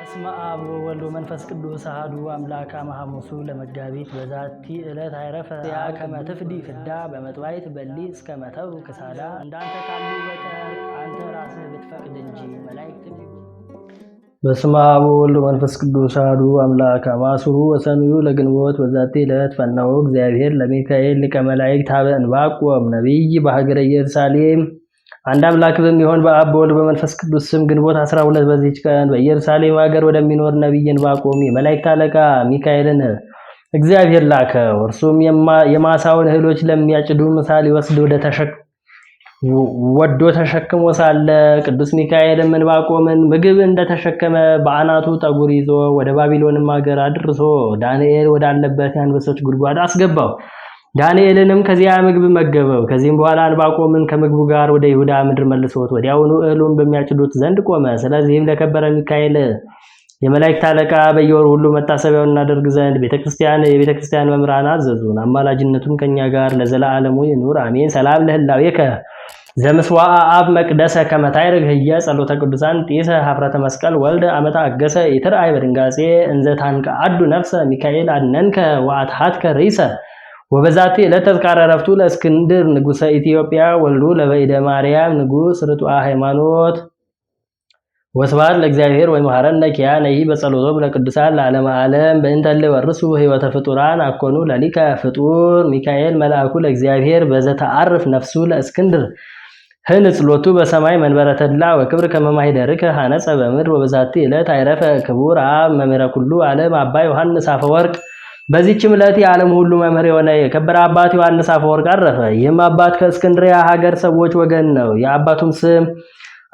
በስመ አብ ወወልድ ወመንፈስ ቅዱስ አሐዱ አምላክ አመ ሐሙሱ ለመጋቢት በዛቲ ዕለት አይረፈ ያ ከመ ትፍዲ ፍዳ በመጥባይት በሊ እስከ መተው ክሳዳ። እንዳንተ ካሉ በቀር አንተ ራስህ ብትፈቅድ እንጂ መላእክት በስመ አብ ወወልድ ወመንፈስ ቅዱስ አሐዱ አምላክ አማስሩ ወሰንዩ ለግንቦት በዛቲ ዕለት ፈነወ እግዚአብሔር ለሚካኤል ሊቀ መላእክት ሀበ እንባቆም ነቢይ በሀገረ ኢየሩሳሌም አንድ አምላክ በሚሆን በአብ በወልድ በመንፈስ ቅዱስ ስም ግንቦት 12 በዚች ቀን በኢየሩሳሌም ሀገር ወደሚኖር ነቢይ ዕንባቆም የመላእክት አለቃ ሚካኤልን እግዚአብሔር ላከው። እርሱም የማሳውን እህሎች ለሚያጭዱ ምሳ ሊወስድ ወዶ ተሸክሞ ሳለ ቅዱስ ሚካኤልም ዕንባቆምን ምግብ እንደተሸከመ በአናቱ ጠጉር ይዞ ወደ ባቢሎንም ሀገር አድርሶ ዳንኤል ወዳለበት የአንበሶች ጉድጓድ አስገባው። ዳንኤልንም ከዚያ ምግብ መገበው። ከዚህም በኋላ ዕንባቆምን ከምግቡ ጋር ወደ ይሁዳ ምድር መልሶት ወዲያውኑ እህሉን በሚያጭዱት ዘንድ ቆመ። ስለዚህም ለከበረ ሚካኤል የመላእክት አለቃ በየወሩ ሁሉ መታሰቢያውን እናደርግ ዘንድ ቤተክርስቲያን የቤተክርስቲያን መምህራን አዘዙን። አማላጅነቱም ከኛ ጋር ለዘላለሙ ይኑር አሜን። ሰላም ለህላዌከ ዘምስዋዕ አብ መቅደሰ ከመታይርግ ህየ ጸሎተ ቅዱሳን ጢሰ ሀፍረተ መስቀል ወልደ አመታ አገሰ ይትርአይ በድንጋጼ እንዘ አዱ ነፍሰ ሚካኤል አድነንከ ወአትሃትከ ርእሰ ወበዛቲ ዕለት ተዝካረ ዕረፍቱ ለእስክንድር ንጉሰ ኢትዮጵያ ወልዱ ለበኢደ ማርያም ንጉስ ርቱዐ ሃይማኖት ወስብሐት ለእግዚአብሔር ወይምሐረነ ኪያነ በጸሎቶም ለቅዱሳን ለዓለመ ዓለም በእንተ እሊወርሱ ሕይወተ ፍጡራን አኮኑ ለሊከ ፍጡር ሚካኤል መልአኩ ለእግዚአብሔር በዘተአርፍ ነፍሱ ለእስክንድር ህንጽሎቱ በሰማይ መንበረ ተድላ ወክብር ከመማይደርከ ሐነጸ በምድር ወበዛቲ ዕለት አይረፈ ክቡር አብ መምህረ ኩሉ ዓለም አባ ዮሐንስ አፈወርቅ በዚህችም ዕለት የዓለም ሁሉ መምህር የሆነ የከበረ አባት ዮሐንስ አፈወርቅ አረፈ። ይህም አባት ከእስክንድሪያ ሀገር ሰዎች ወገን ነው። የአባቱም ስም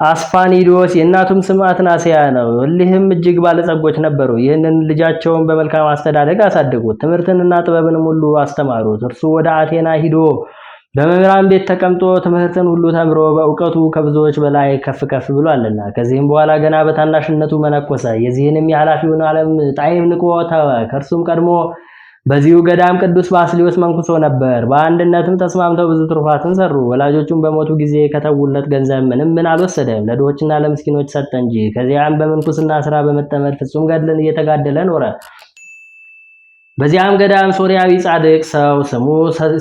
አስፋኒዶስ የእናቱም ስም አትናሲያ ነው። እሊህም እጅግ ባለጸጎች ነበሩ። ይህንን ልጃቸውን በመልካም አስተዳደግ አሳደጉት። ትምህርትንና ጥበብንም ሁሉ አስተማሩት። እርሱ ወደ አቴና ሂዶ በመምህራን ቤት ተቀምጦ ትምህርትን ሁሉ ተምሮ በእውቀቱ ከብዙዎች በላይ ከፍ ከፍ ብሏልና ከዚህም በኋላ ገና በታናሽነቱ መነኮሰ። የዚህንም የኃላፊውን ዓለም ጣይም ንቆ ተወ። ከእርሱም ቀድሞ በዚሁ ገዳም ቅዱስ ባስሊዮስ መንኩሶ ነበር። በአንድነትም ተስማምተው ብዙ ትሩፋትን ሰሩ። ወላጆቹም በሞቱ ጊዜ ከተውለት ገንዘብ ምንም ምን አልወሰደም፣ ለድሆችና ለምስኪኖች ሰጠ እንጂ። ከዚያም በምንኩስና ስራ በመጠመድ ፍጹም ገድልን እየተጋደለ ኖረ። በዚያም ገዳም ሶሪያዊ ጻድቅ ሰው ስሙ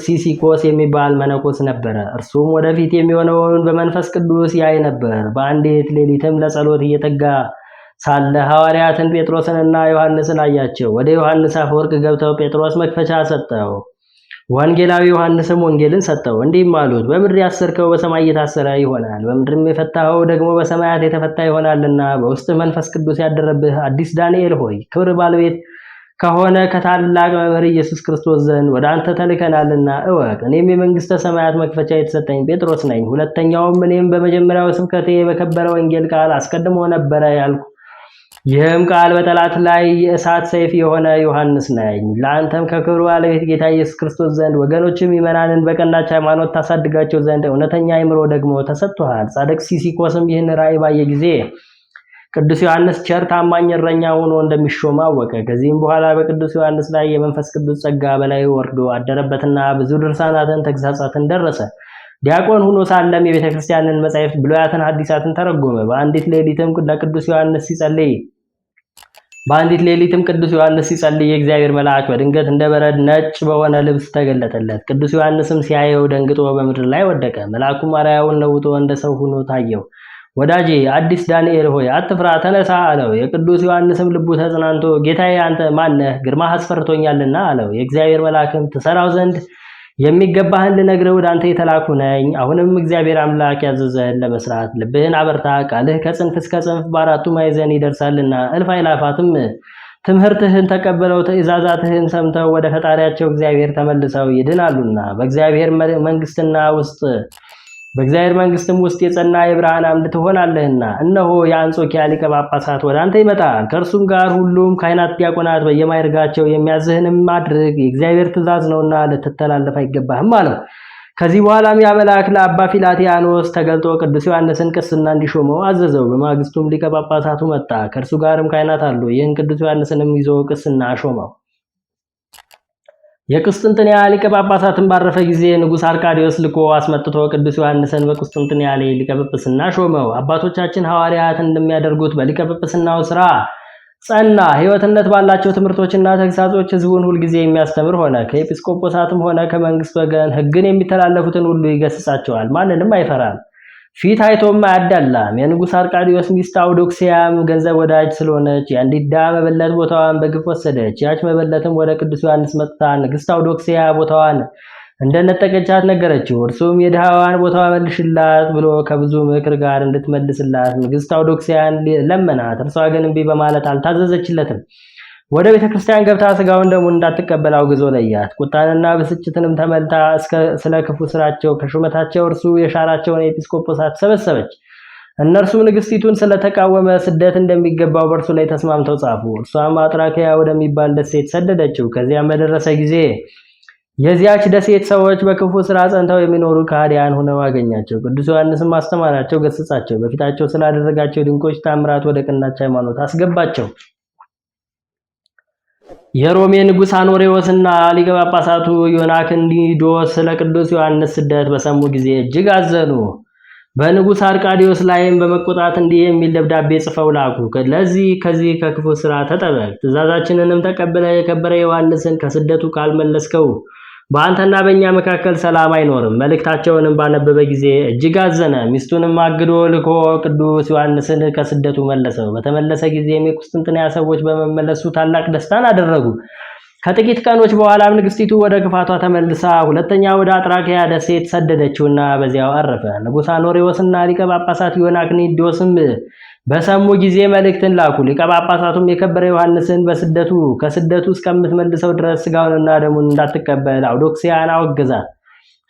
ሲሲኮስ የሚባል መነኮስ ነበረ። እርሱም ወደፊት የሚሆነውን በመንፈስ ቅዱስ ያይ ነበር። በአንዲት ሌሊትም ለጸሎት እየተጋ ሳለ ሐዋርያትን ጴጥሮስንና ዮሐንስን አያቸው። ወደ ዮሐንስ አፈወርቅ ገብተው ጴጥሮስ መክፈቻ ሰጠው፣ ወንጌላዊ ዮሐንስም ወንጌልን ሰጠው። እንዲህም አሉት፣ በምድር ያሰርከው በሰማይ እየታሰረ ይሆናል፣ በምድርም የፈታኸው ደግሞ በሰማያት የተፈታ ይሆናልና በውስጥ መንፈስ ቅዱስ ያደረብህ አዲስ ዳንኤል ሆይ ክብር ባለቤት ከሆነ ከታላቅ መምህር ኢየሱስ ክርስቶስ ዘንድ ወደ አንተ ተልከናልና እወቅ። እኔም የመንግስተ ሰማያት መክፈቻ የተሰጠኝ ጴጥሮስ ነኝ። ሁለተኛውም እኔም በመጀመሪያው ስብከቴ በከበረ ወንጌል ቃል አስቀድሞ ነበረ ያልኩ ይህም ቃል በጠላት ላይ የእሳት ሰይፍ የሆነ ዮሐንስ ነኝ። ለአንተም ከክብሩ ባለቤት ጌታ ኢየሱስ ክርስቶስ ዘንድ ወገኖችም ይመናንን በቀናች ሃይማኖት ታሳድጋቸው ዘንድ እውነተኛ አይምሮ ደግሞ ተሰጥቶሃል። ጻድቅ ሲሲኮስም ይህን ራእይ ባየ ጊዜ ቅዱስ ዮሐንስ ቸር ታማኝ እረኛ ሆኖ እንደሚሾም አወቀ። ከዚህም በኋላ በቅዱስ ዮሐንስ ላይ የመንፈስ ቅዱስ ጸጋ በላይ ወርዶ አደረበትና ብዙ ድርሳናትን ተግሳጻትን ደረሰ። ዲያቆን ሆኖ ሳለም የቤተ ክርስቲያንን መጻሕፍት ብሉያትን ሐዲሳትን ተረጎመ። በአንዲት ሌሊትም ለቅዱስ ዮሐንስ ሲጸልይ በአንዲት ሌሊትም ቅዱስ ዮሐንስ ሲጸልይ የእግዚአብሔር መልአክ በድንገት እንደ በረድ ነጭ በሆነ ልብስ ተገለጠለት። ቅዱስ ዮሐንስም ሲያየው ደንግጦ በምድር ላይ ወደቀ። መልአኩም አርአያውን ለውጦ እንደ ሰው ሆኖ ታየው። ወዳጄ አዲስ ዳንኤል ሆይ አትፍራ፣ ተነሳ አለው። የቅዱስ ዮሐንስም ልቡ ተጽናንቶ ጌታዬ አንተ ማነህ? ግርማ አስፈርቶኛልና አለው። የእግዚአብሔር መልአክም ትሰራው ዘንድ የሚገባህን ልነግርህ ወደ አንተ የተላኩ ነኝ። አሁንም እግዚአብሔር አምላክ ያዘዘህን ለመስራት ልብህን አበርታ። ቃልህ ከጽንፍ እስከ ጽንፍ በአራቱ ማዕዘን ይደርሳልና እልፍ አእላፋትም ትምህርትህን ተቀበለው ትእዛዛትህን ሰምተው ወደ ፈጣሪያቸው እግዚአብሔር ተመልሰው ይድናሉና በእግዚአብሔር መንግስትና ውስጥ በእግዚአብሔር መንግስትም ውስጥ የጸና የብርሃን አምድ ትሆናለህና፣ እነሆ የአንጾኪያ ሊቀ ጳጳሳት ወደ አንተ ይመጣል። ከእርሱም ጋር ሁሉም ካህናት፣ ዲያቆናት በየማይርጋቸው የሚያዝህንም ማድረግ የእግዚአብሔር ትእዛዝ ነውና ልትተላለፍ አይገባህም አለው። ከዚህ በኋላም ያ መልአክ ለአባ ፊላቲያኖስ ተገልጦ ቅዱስ ዮሐንስን ቅስና እንዲሾመው አዘዘው። በማግስቱም ሊቀ ጳጳሳቱ መጣ፣ ከእርሱ ጋርም ካህናት አሉ። ይህን ቅዱስ ዮሐንስንም ይዞ ቅስና ሾመው። የቁስጥንጥንያ ሊቀ ጳጳሳትን ባረፈ ጊዜ ንጉሥ አርካዲዮስ ልኮ አስመጥቶ ቅዱስ ዮሐንስን በቁስጥንጥንያ ላይ ሊቀ ጵጵስና ሾመው። አባቶቻችን ሐዋርያት እንደሚያደርጉት በሊቀ ጵጵስናው ሥራ ጸና። ሕይወትነት ባላቸው ትምህርቶችና ተግሳጾች ሕዝቡን ሁልጊዜ የሚያስተምር ሆነ። ከኤጲስቆጶሳትም ሆነ ከመንግስት ወገን ሕግን የሚተላለፉትን ሁሉ ይገስጻቸዋል። ማንንም አይፈራም። ፊት አይቶም አያዳላም። የንጉሥ አርቃዲዎስ ሚስት አውዶክሲያም ገንዘብ ወዳጅ ስለሆነች የአንዲት ድሃ መበለት ቦታዋን በግፍ ወሰደች። ያች መበለትም ወደ ቅዱስ ዮሐንስ መጥታ ንግሥት አውዶክሲያ ቦታዋን እንደነጠቀቻት ነገረችው። እርሱም የድሃዋን ቦታ መልሽላት ብሎ ከብዙ ምክር ጋር እንድትመልስላት ንግሥት አውዶክሲያን ለመናት። እርሷ ግን እምቢ በማለት አልታዘዘችለትም። ወደ ቤተ ክርስቲያን ገብታ ስጋውን ደሙን እንዳትቀበል አውግዞ ለያት። ቁጣንና ብስጭትንም ተመልታ ስለ ክፉ ስራቸው ከሹመታቸው እርሱ የሻራቸውን ኤጲስቆጶሳት ሰበሰበች። እነርሱም ንግስቲቱን ስለተቃወመ ስደት እንደሚገባው በእርሱ ላይ ተስማምተው ጻፉ። እርሷም አጥራኪያ ወደሚባል ደሴት ሰደደችው። ከዚያም በደረሰ ጊዜ የዚያች ደሴት ሰዎች በክፉ ስራ ጸንተው የሚኖሩ ከሃዲያን ሆነው አገኛቸው። ቅዱስ ዮሐንስም አስተማራቸው፣ ገሰጻቸው። በፊታቸው ስላደረጋቸው ድንቆች ታምራት ወደ ቀናች ሃይማኖት አስገባቸው። የሮሜ ንጉሥ አኖሬዎስና ሊቀ ጳጳሳቱ ዮናክንዲዶስ ስለ ቅዱስ ዮሐንስ ስደት በሰሙ ጊዜ እጅግ አዘኑ። በንጉሥ አርቃዲዎስ ላይም በመቆጣት እንዲህ የሚል ደብዳቤ ጽፈው ላኩ። ለዚህ ከዚህ ከክፉ ስራ ተጠበቅ፣ ትእዛዛችንንም ተቀብለ የከበረ ዮሐንስን ከስደቱ ካልመለስከው በአንተና በእኛ መካከል ሰላም አይኖርም። መልእክታቸውንም ባነበበ ጊዜ እጅግ አዘነ። ሚስቱንም አግዶ ልኮ ቅዱስ ዮሐንስን ከስደቱ መለሰው። በተመለሰ ጊዜ የቁስጥንጥንያ ሰዎች በመመለሱ ታላቅ ደስታን አደረጉ። ከጥቂት ቀኖች በኋላም ንግስቲቱ ወደ ክፋቷ ተመልሳ ሁለተኛ ወደ አጥራኪያ ደሴት ሰደደችውና በዚያው አረፈ። ንጉሥ አኖሬዎስና ሊቀ ጳጳሳት ዮናክኒዶስም በሰሙ ጊዜ መልእክትን ላኩ። ሊቀ ጳጳሳቱም የከበረ ዮሐንስን በስደቱ ከስደቱ እስከምትመልሰው ድረስ ስጋውንና ደሙን እንዳትቀበል አውዶክሲያን አወገዛት።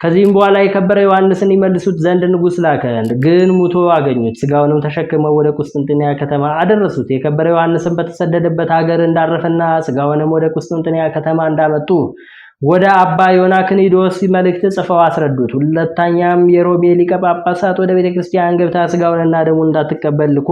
ከዚህም በኋላ የከበረ ዮሐንስን ይመልሱት ዘንድ ንጉሥ ላከ፣ ግን ሙቶ አገኙት። ስጋውንም ተሸክመው ወደ ቁስጥንጥንያ ከተማ አደረሱት። የከበረ ዮሐንስን በተሰደደበት ሀገር እንዳረፈና ስጋውንም ወደ ቁስጥንጥንያ ከተማ እንዳመጡ ወደ አባ ዮናክኒዶስ መልእክት ጽፈው አስረዱት። ሁለተኛም የሮሜ ሊቀ ጳጳሳት ወደ ቤተ ክርስቲያን ገብታ ስጋውንና ደሙን እንዳትቀበል ልኮ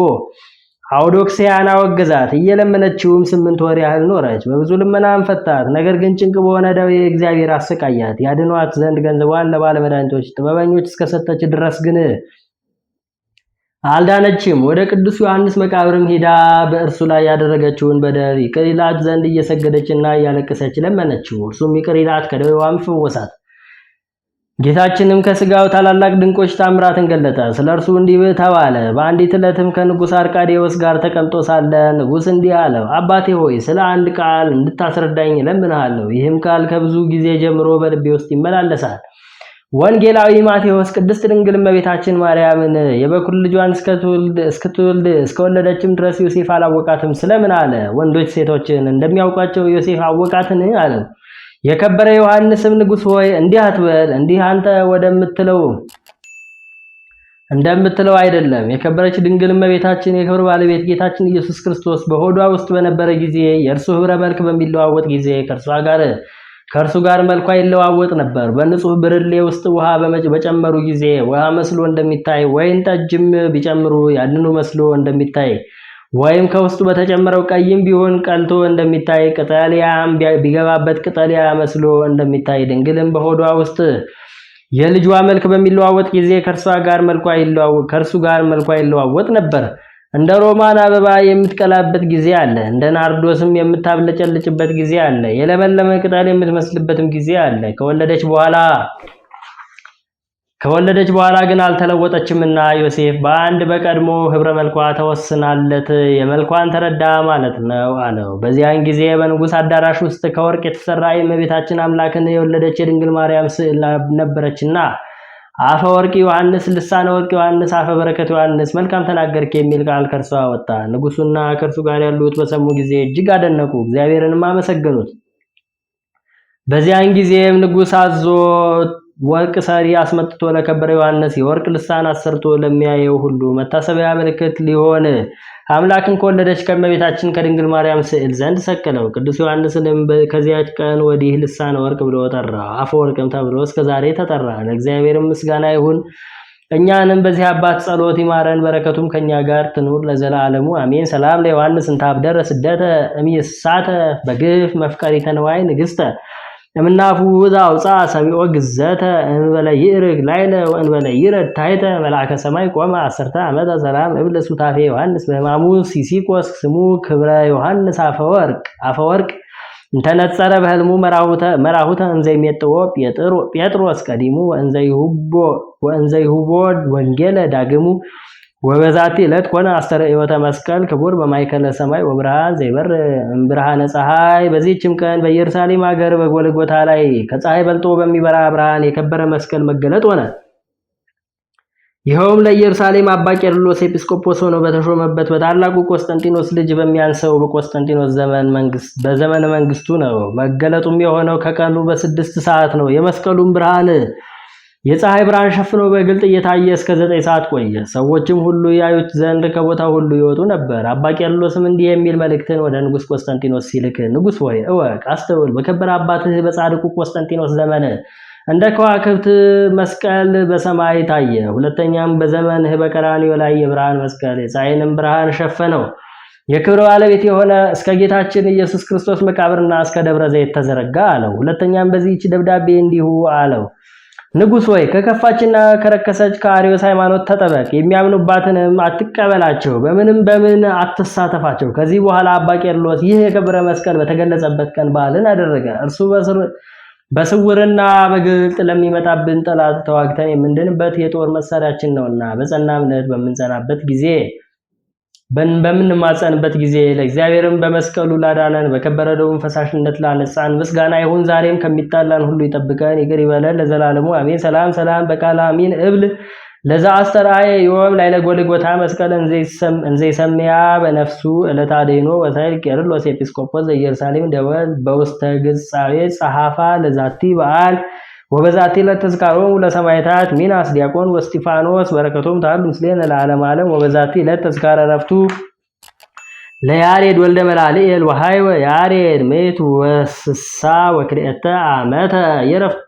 አውዶክሲያን አወገዛት። እየለመነችውም ስምንት ወር ያህል ኖረች። በብዙ ልመናም ፈታት። ነገር ግን ጭንቅ በሆነ ደዌ እግዚአብሔር አሰቃያት። ያድኗት ዘንድ ገንዘቧን ለባለመድኃኒቶች ጥበበኞች እስከሰጠች ድረስ ግን አልዳነችም። ወደ ቅዱስ ዮሐንስ መቃብርም ሄዳ በእርሱ ላይ ያደረገችውን በደል ይቅር ይላት ዘንድ እየሰገደችና እያለቀሰች ለመነችው። እርሱም ይቅር ይላት ከደዌዋም ፈወሳት። ጌታችንም ከስጋው ታላላቅ ድንቆች ታምራትን ገለጠ። ስለ እርሱ እንዲህ ተባለ። በአንዲት ዕለትም ከንጉሥ አርቃዴዎስ ጋር ተቀምጦ ሳለ ንጉሥ እንዲህ አለው፣ አባቴ ሆይ ስለ አንድ ቃል እንድታስረዳኝ እለምንሃለሁ። ይህም ቃል ከብዙ ጊዜ ጀምሮ በልቤ ውስጥ ይመላለሳል ወንጌላዊ ማቴዎስ ቅድስት ድንግል እመቤታችን ማርያምን የበኩር ልጇን እስክትወልድ እስከወለደችም ድረስ ዮሴፍ አላወቃትም ስለምን አለ? ወንዶች ሴቶችን እንደሚያውቋቸው ዮሴፍ አወቃትን አለ። የከበረ ዮሐንስም ንጉሥ ሆይ እንዲህ አትበል፣ እንዲህ አንተ ወደምትለው እንደምትለው አይደለም። የከበረች ድንግል እመቤታችን የክብር ባለቤት ጌታችን ኢየሱስ ክርስቶስ በሆዷ ውስጥ በነበረ ጊዜ የእርሱ ህብረ መልክ በሚለዋወጥ ጊዜ ከእርሷ ጋር ከእርሱ ጋር መልኳ ይለዋወጥ ነበር። በንጹህ ብርሌ ውስጥ ውሃ በጨመሩ ጊዜ ውሃ መስሎ እንደሚታይ ወይን ጠጅም ቢጨምሩ ያንኑ መስሎ እንደሚታይ ወይም ከውስጡ በተጨመረው ቀይም ቢሆን ቀልቶ እንደሚታይ ቅጠልያም ቢገባበት ቅጠልያ መስሎ እንደሚታይ ድንግልም በሆዷ ውስጥ የልጇ መልክ በሚለዋወጥ ጊዜ ከእርሷ ጋር መልኳ ይለዋወጥ ከእርሱ ጋር መልኳ ይለዋወጥ ነበር። እንደ ሮማን አበባ የምትቀላበት ጊዜ አለ። እንደ ናርዶስም የምታብለጨልጭበት ጊዜ አለ። የለመለመ ቅጠል የምትመስልበትም ጊዜ አለ። ከወለደች በኋላ ከወለደች በኋላ ግን አልተለወጠችምና ዮሴፍ በአንድ በቀድሞ ህብረ መልኳ ተወስናለት የመልኳን ተረዳ ማለት ነው አለው። በዚያን ጊዜ በንጉሥ አዳራሽ ውስጥ ከወርቅ የተሰራ የእመቤታችን አምላክን የወለደች የድንግል ማርያም ስዕል ነበረችና አፈ ወርቅ ዮሐንስ ልሳነ ወርቅ ዮሐንስ አፈ በረከት ዮሐንስ መልካም ተናገርክ የሚል ቃል ከእርሷ ወጣ። ንጉሱና ከእርሱ ጋር ያሉት በሰሙ ጊዜ እጅግ አደነቁ፣ እግዚአብሔርንም አመሰገኑት። በዚያን ጊዜም ንጉስ አዞ ወርቅ ሰሪ አስመጥቶ ለከበረ ዮሐንስ የወርቅ ልሳን አሰርቶ ለሚያየው ሁሉ መታሰቢያ ምልክት ሊሆን አምላክን ከወለደች ከእመቤታችን ከድንግል ማርያም ስዕል ዘንድ ሰቀለው። ቅዱስ ዮሐንስንም ከዚያች ቀን ወዲህ ልሳነ ወርቅ ብሎ ጠራ። አፈ ወርቅም ተብሎ እስከዛሬ ተጠራ። ለእግዚአብሔርም ምስጋና ይሁን። እኛንም በዚህ አባት ጸሎት ይማረን፣ በረከቱም ከኛ ጋር ትኑር ለዘላለሙ አሜን። ሰላም ለዮሐንስ እንታብደረ ስደተ እምይሳተ በግፍ መፍቀሪ ነዋይ ለምናፉ ለምናፉዝ አውፃ ሰቢኦ ግዘተ እንበለ ይእርግ ላይለ ወእንበለ ይረድ ታይተ መልአከ ሰማይ ቆመ አስርተ ዓመተ ሰላም እብል ሱታፌ ዮሐንስ በሕማሙ ሲሲቆስ ስሙ ክብረ ዮሐንስ አፈወርቅ አፈወርቅ እንተነጸረ በህልሙ መራሁተ እንዘ ይሜጥዎ ጴጥሮስ ቀዲሙ ወእንዘ ይሁቦ ወንጌለ ዳግሙ ወበዛቲ ዕለት ኮነ አስተረ ሕይወተ መስቀል ክቡር በማይከለ ሰማይ ወብርሃን ዘይበር ብርሃነ ፀሐይ። በዚህችም ቀን በኢየሩሳሌም ሀገር በጎልጎታ ላይ ከፀሐይ በልጦ በሚበራ ብርሃን የከበረ መስቀል መገለጥ ሆነ። ይኸውም ለኢየሩሳሌም አባ ቄርሎስ ኤጲስቆጶስ ሆኖ በተሾመበት በታላቁ ቆስጠንጢኖስ ልጅ በሚያንሰው በቆስጠንጢኖስ ዘመን መንግስት በዘመነ መንግስቱ ነው። መገለጡም የሆነው ከቀኑ በስድስት ሰዓት ነው። የመስቀሉን ብርሃን የፀሐይ ብርሃን ሸፍኖ በግልጥ እየታየ እስከ ዘጠኝ ሰዓት ቆየ። ሰዎችም ሁሉ ያዩት ዘንድ ከቦታ ሁሉ ይወጡ ነበር። አባ ቄርሎስም እንዲህ የሚል መልእክትን ወደ ንጉሥ ቆስጠንጢኖስ ሲልክ፣ ንጉሥ ሆይ እወቅ፣ አስተውል። በከበረ አባትህ በጻድቁ ቆስጠንጢኖስ ዘመን እንደ ከዋክብት መስቀል በሰማይ ታየ። ሁለተኛም በዘመንህ በቀራንዮ ላይ የብርሃን መስቀል የፀሐይንም ብርሃን ሸፈነው። የክብር ባለቤት የሆነ እስከ ጌታችን ኢየሱስ ክርስቶስ መቃብርና እስከ ደብረ ዘይት ተዘረጋ አለው። ሁለተኛም በዚህች ደብዳቤ እንዲሁ አለው ንጉሥ ወይ ከከፋችና ከረከሰች ከአርዮስ ሃይማኖት ተጠበቅ፣ የሚያምኑባትንም አትቀበላቸው፣ በምንም በምን አትሳተፋቸው። ከዚህ በኋላ አባ ቄርሎስ ይህ የክብረ መስቀል በተገለጸበት ቀን በዓልን አደረገ። እርሱ በስውርና በግልጥ ለሚመጣብን ጠላት ተዋግተን የምንድንበት የጦር መሳሪያችን ነውና በጸና እምነት በምንጸናበት ጊዜ በምንማጸንበት ጊዜ ለእግዚአብሔርም በመስቀሉ ላዳነን በከበረ ደሙም ፈሳሽነት ላነጻን ምስጋና ይሁን ዛሬም ከሚጣላን ሁሉ ይጠብቀን ይቅር ይበለን ለዘላለሙ አሜን። ሰላም ሰላም በቃል አሚን እብል ለዛ አስተርአየ ዮም ላዕለ ጎልጎታ መስቀል እንዘ በነፍሱ እለት አደይኖ ወሳይል ቄርሎስ ኤጲስቆጶስ ዘኢየሩሳሌም ደወል በውስተ ገጻዌ ጸሐፋ ለዛቲ በዓል ወበዛቲ ለተዝካሮሙ ለሰማዕታት ሚናስ ዲያቆን ወስጢፋኖስ በረከቶም ታሉ ምስሌነ ለዓለም ዓለም ወበዛቲ ለተዝካረ ረፍቱ ለያሬድ ወልደ መላልኤል ወሃይወ ያሬድ ሜቱ ወስሳ ወክልኤተ ዓመተ የረፍት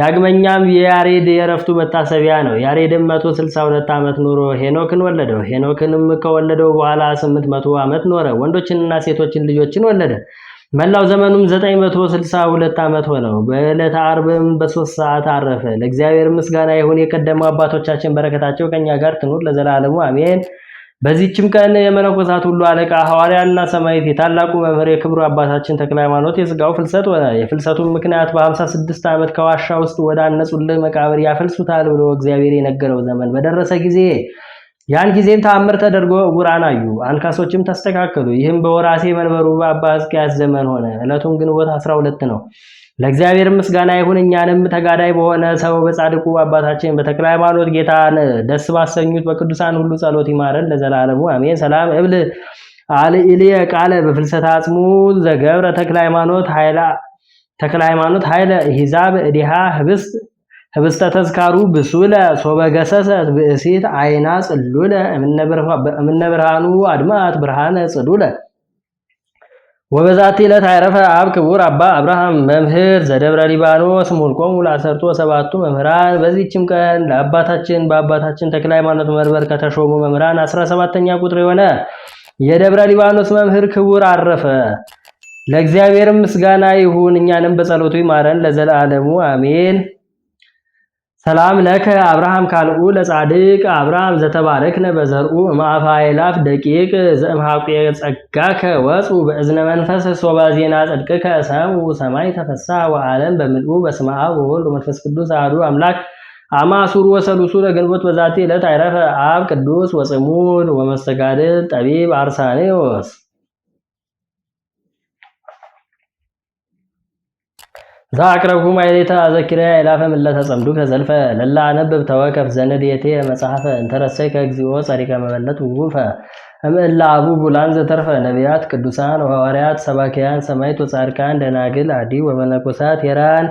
ዳግመኛም የያሬድ የረፍቱ መታሰቢያ ነው። ያሬድም 162 ዓመት ኖሮ ሄኖክን ወለደው። ሄኖክንም ከወለደው በኋላ 800 ዓመት ኖረ። ወንዶችንና ሴቶችን ልጆችን ወለደ። መላው ዘመኑም 962 ዓመት ሆነው። በዕለተ አርብም በሶስት ሰዓት አረፈ። ለእግዚአብሔር ምስጋና ይሁን። የቀደሙ አባቶቻችን በረከታቸው ከኛ ጋር ትኑር ለዘላለሙ አሜን። በዚችም ቀን የመነኮሳት ሁሉ አለቃ ሐዋርያና ሰማዕት የታላቁ መምህር የክብሩ አባታችን ተክለ ሃይማኖት ፍልሰት ሆነ። የፍልሰቱን ምክንያት በ56 ዓመት ከዋሻ ውስጥ ወደ አነጹልህ መቃብር ያፈልሱታል ብሎ እግዚአብሔር የነገረው ዘመን በደረሰ ጊዜ ያን ጊዜም ተአምር ተደርጎ ዕውራን አዩ፣ አንካሶችም ተስተካከሉ። ይህም በወራሴ መንበሩ በአባ ሕዝቅያስ ዘመን ሆነ። ዕለቱም ግንቦት አስራ ሁለት ነው። ለእግዚአብሔር ምስጋና ይሁን። እኛንም ተጋዳይ በሆነ ሰው በጻድቁ አባታችን በተክለ ሃይማኖት ጌታን ደስ ባሰኙት በቅዱሳን ሁሉ ጸሎት ይማረን ለዘላለሙ አሜን። ሰላም እብል አልኢልየ ቃለ በፍልሰተ አጽሙ ዘገብረ ተክለ ሃይማኖት ኃይለ ሂዛብ እዲሃ ህብስት ህብስተ ተዝካሩ ብሱለ ሶበ ብእሲት አይና ጽሉለ እምነ ብርሃኑ አድማት ብርሃነ ጽሉለ ወበዛቲ ዕለት አዕረፈ አብ ክቡር አባ አብርሃም መምህር ዘደብረ ሊባኖስ ሙልቆሙ ለአሰርቶ ሰባቱ መምህራን። በዚህችም ቀን ለአባታችን በአባታችን ተክለ ሃይማኖት መንበር ከተሾሙ መምህራን 17ኛ ቁጥር የሆነ የደብረ ሊባኖስ መምህር ክቡር አረፈ። ለእግዚአብሔር ምስጋና ይሁን፣ እኛንም በጸሎቱ ይማረን ለዘላለሙ አሜን። ሰላም ለከ አብርሃም ካልኡ ለጻድቅ አብርሃም ዘተባረክነ በዘርኡ እምአፈ አእላፍ ደቂቅ ዘእምሐቁየ ጸጋከ ወፁ በእዝነ መንፈስ ሶበ ዜና ጽድቅከ ሰምኡ ሰማይ ተፈሳ ወዓለም በምልኡ በስመ አብ ወወልድ ወመንፈስ ቅዱስ አሐዱ አምላክ አማሱር ዐሡሩ ወሠሉሱ ለግንቦት በዛቲ ዕለት አይረፈ አብ ቅዱስ ወጽሙድ ወመስተጋድል ጠቢብ አርሳኔዎስ ዛአቅረብኩ ማይሌታ አዘኪርያ ይላፈ ምለተ ጸምዱ ከዘልፈ ለላ አነብብ ተወከፍ ዘነድየቴ መጽሐፈ እንተረሰይ ከእግዚኦ ጸሪቀ መበለት ውፈ እምእላ አቡ ቡላን ዘተርፈ ነቢያት ቅዱሳን ወሐዋርያት ሰባኪያን ሰማይት ወጻድቃን ደናግል አዲ ወመነኮሳት የራን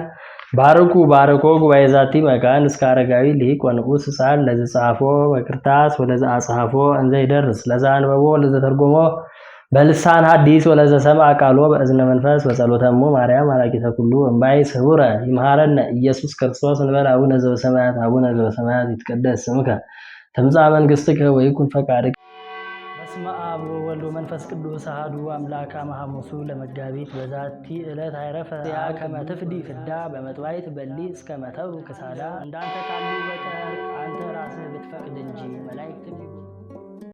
ባርኩ ባርኮ ጉባኤ ዛቲ መካን እስከ አረጋዊ ሊቅ ወንዑስ ህፃን ለዘጻፎ በክርታስ ወለዘአጽሐፎ እንዘ ይደርስ ለዛ አንበቦ ለዘተርጎሞ በልሳን ሐዲስ ወለዘ ሰማ ቃሎ በእዝነ መንፈስ ወጸሎተሙ ማርያም አላቂተ ኩሉ እምባይ ስቡረ ይምሃረነ ኢየሱስ ክርስቶስ እንበል አቡነ ዘበሰማያት አቡነ ዘበሰማያት ይትቀደስ ስምከ ትምጻእ መንግሥትከ ወይኩን ፈቃድከ በስመ አብ ወወልድ ወመንፈስ ቅዱስ አሐዱ አምላክ አመ ሐሙሱ ለመጋቢት በዛቲ ዕለት አይረፈ ያ ከመ ትፍዲ ፍዳ በመጥዋይት በሊ እስከ መተሩ ክሳዳ እንዳንተ ካሉ በቀር አንተ ራስህ ብትፈቅድ እንጂ መላእክት